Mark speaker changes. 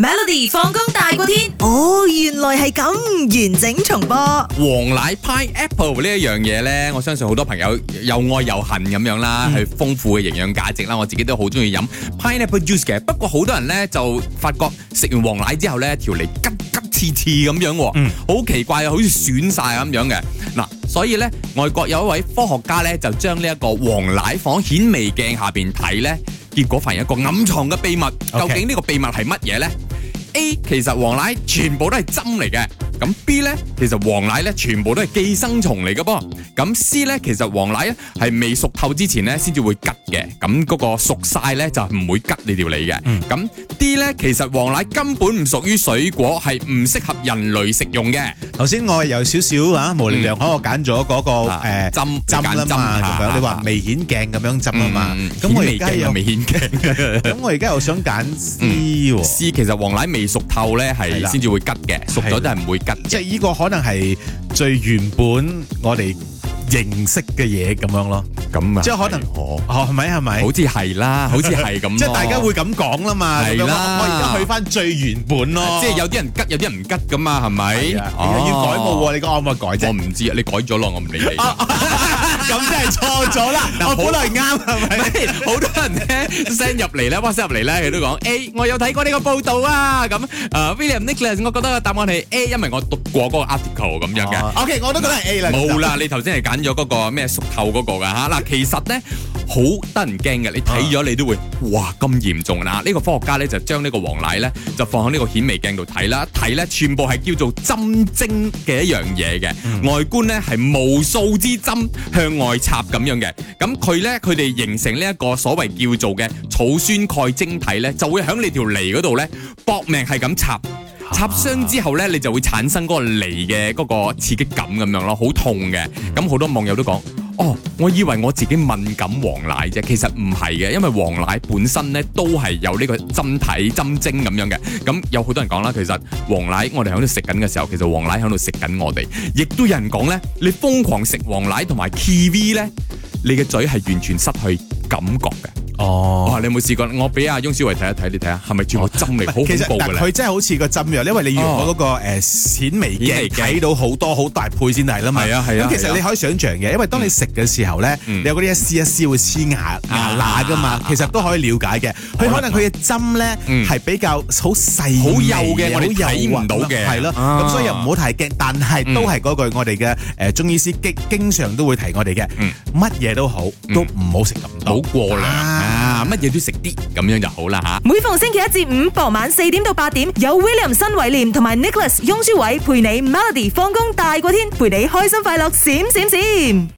Speaker 1: Melody 放工大過天，哦，原來係咁。完整重播。黃梨 pineapple 呢一樣嘢咧，我相信好多朋友又愛又恨咁樣啦，係豐富嘅營養價值啦，我自己都好中意飲 pineapple juice 嘅。不過好多人咧就發覺食完黃梨之後咧，條脷吉吉刺刺咁樣，嗯，好奇怪，好似損晒咁樣嘅。嗱，所以咧，外國有一位科學家咧，就將呢一個黃梨放顯微鏡下邊睇咧，結果發現一個暗藏嘅秘密。究竟呢個秘密係乜嘢咧？A 其實黃梨全部都係針嚟嘅。咁 B 咧，其實黃梨咧全部都係寄生蟲嚟嘅噃。咁 C 咧，其實黃梨咧係未熟透之前咧先至會吉嘅。咁嗰個熟晒咧就唔會吉你條脷嘅。咁 D 咧，其實黃梨根本唔屬於水果，係唔適合人類食用嘅。
Speaker 2: 頭先我係有少少啊無聊，我揀咗嗰個誒針針啦嘛。你話未顯鏡咁樣針啊嘛。咁我而家又未顯鏡，咁我而家又想揀 C，C 其實
Speaker 1: 黃梨未熟透咧係先至會吉嘅，熟咗都係唔會。
Speaker 2: 即係呢個可能係最原本我哋認識嘅嘢咁樣咯，咁即係可能我哦，係咪係咪？是是好似係啦， 好似係咁。即係大家會咁講啦嘛，係啦，我而家去返最原本咯。即係有
Speaker 1: 啲人吉，有啲人唔吉咁嘛，係咪？啊哦、你又要改冇啊？你個案冇改啫、就是。我唔知啊，你改咗咯，我唔理你。
Speaker 2: 咁真係錯咗啦！我本來啱，係
Speaker 1: 咪？好多人咧 send 入嚟咧，WhatsApp 入嚟咧，佢都講 A，我有睇過呢個報道啊。咁，誒 William Nicholas，我覺得個答案係 A，因為我讀過嗰個 article 咁樣嘅。OK，我都覺得係 A 啦。冇啦，你頭先係揀咗嗰個咩熟透嗰個㗎嚇嗱，其實咧。好得人驚嘅，你睇咗你都會哇咁嚴重啊！呢、呢個科學家呢，就將呢個黃梨呢，就放喺呢個顯微鏡度睇啦，睇呢，全部係叫做針晶嘅一樣嘢嘅，嗯、外觀呢，係無數支針向外插咁樣嘅。咁佢呢，佢哋形成呢一個所謂叫做嘅草酸鈣晶體呢，就會喺你條脷嗰度呢，搏命係咁插，插傷之後呢，你就會產生嗰個脷嘅嗰個刺激感咁樣咯，好痛嘅。咁好多網友都講。哦，我以為我自己敏感黃梨啫，其實唔係嘅，因為黃梨本身咧都係有呢個針體針晶咁樣嘅。咁、嗯、有好多人講啦，其實黃梨我哋喺度食緊嘅時候，其實黃梨喺度食緊我哋。亦都有人講咧，你瘋狂食黃梨同埋 K V 咧，你嘅嘴係完全失去感覺嘅。哦。你有冇試過？我俾阿翁小維睇一睇，你睇下係咪轉個針嚟？好恐怖噶咧！佢
Speaker 2: 真係好似個針樣，因為你用我嗰個誒顯微鏡睇到好多好大倍先嚟啦嘛。係啊係啊。咁其實你可以想象嘅，因為當你食嘅時候咧，你有嗰啲一絲一絲會黐牙牙罅噶嘛其實都可以了解嘅。佢可能佢嘅針咧係比較好細好幼嘅，我哋都睇唔到嘅，係咯。咁所以又唔好提嘅。但係都係嗰句，我哋嘅誒中醫師經經常都會提我哋嘅，乜嘢都好都唔好食咁多，唔好過啦。乜嘢都食啲，咁樣就好啦吓。啊、
Speaker 1: 每逢星期一至五傍晚四點到八
Speaker 2: 點，有 William 新偉廉同埋 Nicholas 翁舒偉陪你，Melody 放工大過天陪你開心快樂閃閃閃。閃閃閃。